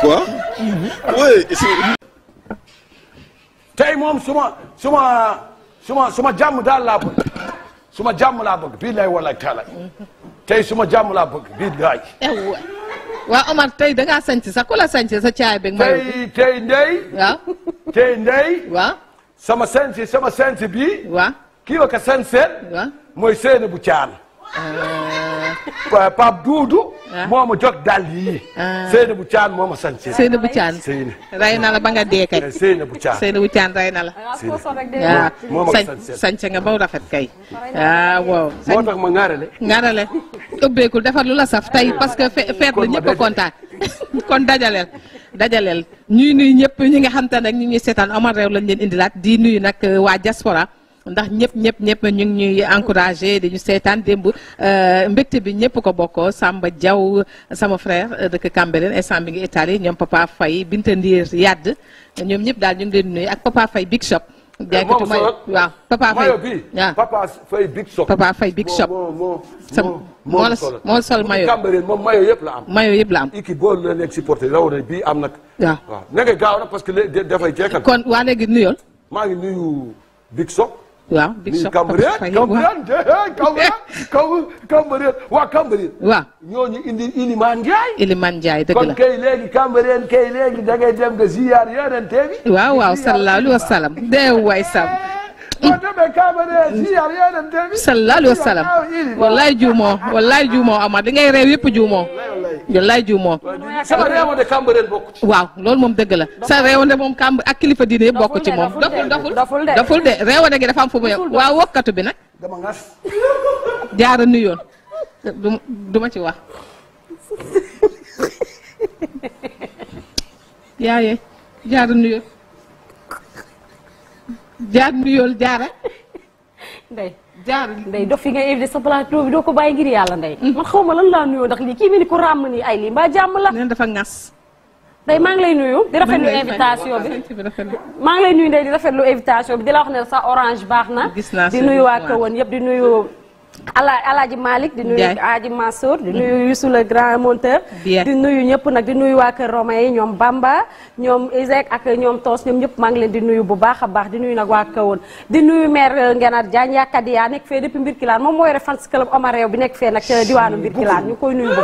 quoi. tey moom suma suma suma suma jàmm daal laa bëgg suma jàmm laa bëgg bii lay walaay taala tey suma jàmm laa bëgg bii laay. waaw Omar tey da ngaa sànci sa ku la sànci sa caay beeg. maa tey tey ndey. waaw tey ndey. waaw sama sànci sama sànci bii. waaw kii la ko sànceel. waaw mooy Seynabou Thiam. Ah. Pape Ah. moo ma jog dàll yii. Ah. Seynabou Thian moo ma sañ. Seynabou Thian rey na la ba nga dee kay. Eh, Seynabou Thian Seynabou Thian rey na la. waaw ah, sañ sañ nga ba rafet kay. waaw moo tax ma ŋaarale. ŋaarale ubbeekul defar lu la saf tey parce que feet la ñëpp a kontaan kon dajaleel dajaleel ñuy nuyu ñëpp ñi nga xam te nag ñu ngi seetaan Omar Rew lañ leen indilaat di nuyu nag euh, waa diaspora ndax ñëpp ñëpp ñëpp ñu ngi ñuy encouragé di ñu seetaan euh, bi ñëpp ko bokkoo Samba Diaw sama frère euh, de Cambérène instant bi ngi Italie ñoom Papa Faye Binta Ndiir Yadd ñoom ñëpp daal ñu ngi leen nuyu ak Papa Faye Big Shop. jaaykatu eh, Papa Faye Big Shop. moo la moo sol mayo Cambérène la am. mayo yëpp la am. kon waa léegi nuyoon. maa ngi nuyu Big Shop. waaw Big Sox Cambérène Cambérène Cambérène waa Cambérène waaw ñooñu indi Iliman Ndiaye Iliman Ndiaye dëgg la kon kay kay léegi da ngay dem nga ziyaar waaw waaw sallallahu alayhi wa sallam sallallahu alayhi wa sallam wallaay juumoo wallaay juumoo ngay réew yëpp juumoo wallaay juumoo waaw loolu moom dëgg la sa réewande moom kamb ak kilifa diine yëpp bokk ci moom doful doful doful de réewande gi dafa am fu mu yem waaw wokkatu bi nag dama ngas jaara ma ci wax yaaye jaara nuyoon jaar nuyool jaara. ndey jaar ndey dof fi nga invité sa plateau bi doo ko bàyyi ngir yàlla ndey. Mm. man xaw ma lan laa nuyoo ndax lii kii bi ni ko ràmm nii ay lii mbaa jàmm la. nee dafa ŋas. ndey maa ngi lay nuyu. di rafetlu invitation bi maa ngi lay nuyu ndey di rafetlu invitation bi di la wax ne sa orange baax na. gis naa di nuyu waa Kahone yëpp di nuyu. ala alaaji Malick di nuyu Aji Mansour di nuyu Youssou le grand monteur di nuyu ñëpp nag di nuyu waa kër Romain yi ñoom Bamba ñoom Isaac ak ñoom Toos ñoom ñëpp maa ngi leen di nuyu bu baax a baax di nuyu nag waa Kawoon di nuyu maire euh, Ngenaat Diagne yàkkat yaa nekk fee depuis Mbirkilaan moom mooy refans club Omar Rew bi nekk fee nag diwaanu Mbirkilaan ñu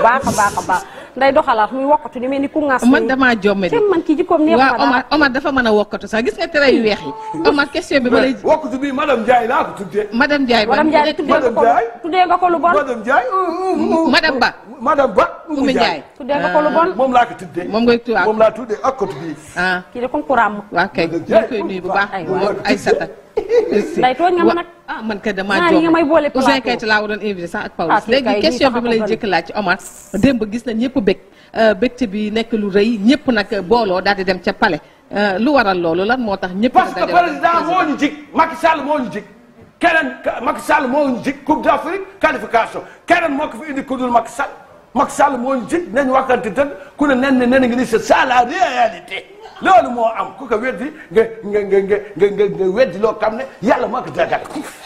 baax baax a baax nday doxalal muy wokkatu ni mel ni ku ŋas man damaa jomme de man kii jikkoom neex waaw Omar Omar dafa mën a wokkatu sax gis nga tere ma lay wokkatu bi madame Ndiaye. tuddee nga ko lu bon madame Ndiaye. madame Ba. madame Ba Oumou Ndiaye. tuddee nga ko lu bon moom laa ko tuddee. moom ngay tuwaat moom laa tuddee ak kottu bii. Ah. kii de comme kuram. waaw kay ñu ngi koy nuyu bu baax. aywa ay sata. day tooñ nga ma nag. ah man kay damaa jox nga may boole plateau Ouzin Keita laa doon invité sax ak Pawlish ah, léegi question bi ma lay njëkk laaj ci Omar démb gis na ñëpp bég euh, bégte bi nekk lu rëy ñëpp nag booloo daal di dem ca palais euh, lu waral loolu lan moo tax ñëpp. parce que président moo ñu jig Macky Sall moo ñu jig keneen Macky Sall moo ñu jig Coupe d'Afrique qualification keneen moo ko fi indi ku dul Macky Sall Macky moo ñu jig nañ waxante dëgg ku ne nen ne nen ngi ni c'est ça la réalité loolu moo am ku ko weddi nga nga nga nga nga weddi loo xam ne yalla moo ko dagal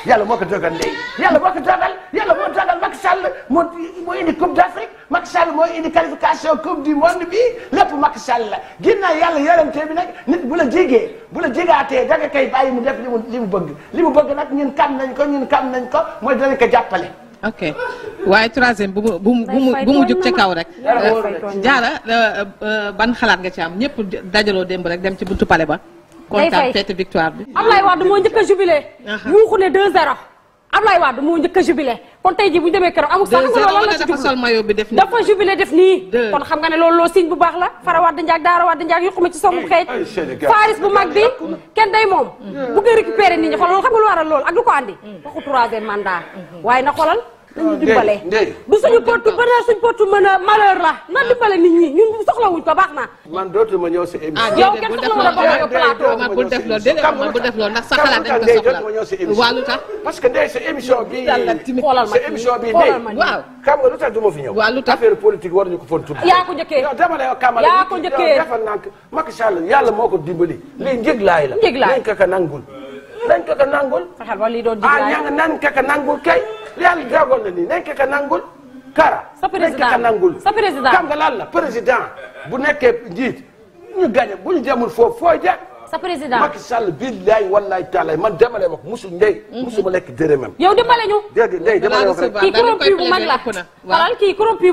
yàlla moo ko dagal léegi yàlla moo ko dagal yàlla moo dagal Macky Sall moo moo indi Coupe d'Afrique Macky Sall mooy indi qualification coupe du monde bi lépp Macky Sall la ginnaaw yàlla yërëmte bi nag nit bu la jégee bu la jégaatee da nga koy bàyyi mu def li mu li mu bëgg li mu bëgg nag ñun kam nañ ko ñun kam nañ ko mooy danañ ko jàppale. ok waaye troisième bu bu bu mu bu mu jóg ca kaw rek. Euh, jaara euh, euh, ban xalaat nga ci am ñëpp dajaloo démb rek dem ci buntu pale ba. day fay fête victoire bi. Ablaye Wade moo njëkk a jubilé. ne 2-0. Ablaye Wade moo njëkk a kon tey jii bu ñu demee keroog amul sax loolu nga ne loolu loo signe bu baax la fara Wade Ndiaye daara Wade Ndiaye yuquma ci sombu xeej Faris bu mag bi kenn day moom bu nga nit ñi xool loolu xam nga lu waral loolu ak lu ko andi mm. waxu troisième mandat waaye na xoolal nañu ah, dimbale du suñu porte bonheur suñu porte malheur la na dimbale nit ñi ñun soxlawuñ ko baax na man dootuma ñëw si ah, émission yow kenn soxla wala plateau man bul def loolu déedéet man bul def loolu ndax sa xalaat dañ ko soxla waa lu tax parce que ndey sa émission bi sa émission bi ndey waaw xam nga lu tax du ma fi ñëw waa lu tax affaire politique war ñu ko foon tudd yaa ko njëkkee yow dama la yow kamal yaa ko njëkkee defal nank Macky Sall yàlla moo ko dimbali lii njëglaay la njëglaay nañ ko ka nangul nañ ko ka nangul ah ña nga nañ ko ka nangul kay yàlla jaagoon na nii nañ ko ka nangul. kara sa président nañ ko nangul. sa président xam lan la président bu nekkee njiit ñu gañe bu ñu jëmul foofu fooy ja. sa sal Macky Sall billaay wallaay taalaay man demale wax musu ndey. Mhm. musuma lekk dërëmam. yow dimbale ñu. ndey demale wax rek kii corrompu bu la. xalal kii corrompu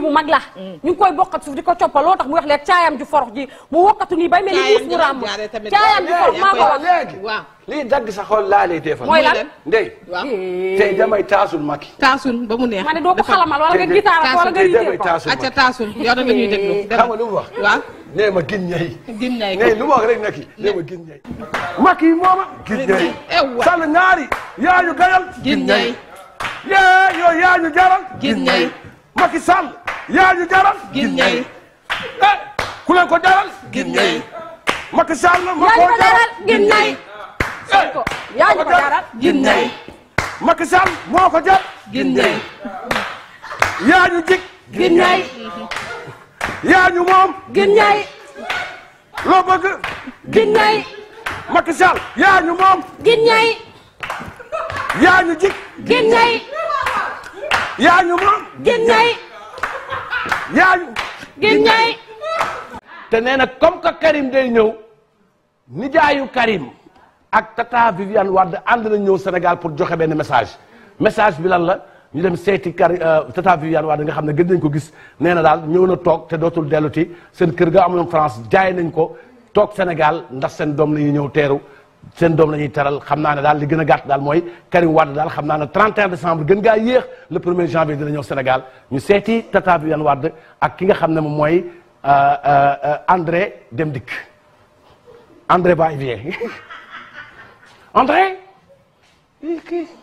ñu koy bokkat suuf ko coppal loo tax mu wax leen caayam ju forox ji mu wokkatu nii bay mel ni muus mu caayam ju forox maa ko wax léegi. lii dagg sa xol laa lay defal. mooy lan ndey. tey damay taasul Macky. taasul ba mu neex. ma ne doo ko xalamal wala nga gitaar wala nga. tey damay acca taasul yow da ñuy déglu. xam nee ma gin ñay. gin ñay nee lu ma wax rek nekki nee ma gin ñay. Macky mooma. gin ñay sànni ñaari. yaa gayal. gin ñay. yee yow jaral. gin ñay. Macky ko jaral. gin ñay. Macky ma ko jaral. moo ko jar. gin ñay. yaa ñu gin ñay. yaa ñu moom. gin ñay. loo bëgg. gin ñay. Macky Sall. yaa ñu moom. gin ñay. yaa ñu jig. gin ñay. yaa ñu moom. gin ñay. te nee na comme que Karim day ñëw nijaayu Karim ak tata Viviane Wade ànd na ñëw Sénégal pour joxe benn message message bi lan la. ñu dem seeti kar euh, tata Viviane nga xam ne gën nañ ko gis nee na daal ñëw na toog te dootul delluti seen kër ga amoon France jaay nañ ko toog Sénégal ndax seen doom la ñuy ñëw teeru seen doom la ñuy teral xam naa ne daal li gën a gàtt daal mooy Karim Wade daal xam naa ne 31 décembre gën ngaa yéex le 1er janvier dina ñëw Sénégal ñu seeti tata Viviane Wade ak ki nga xam ne moom mooy euh, euh, André Dem Dikk André Baye Vier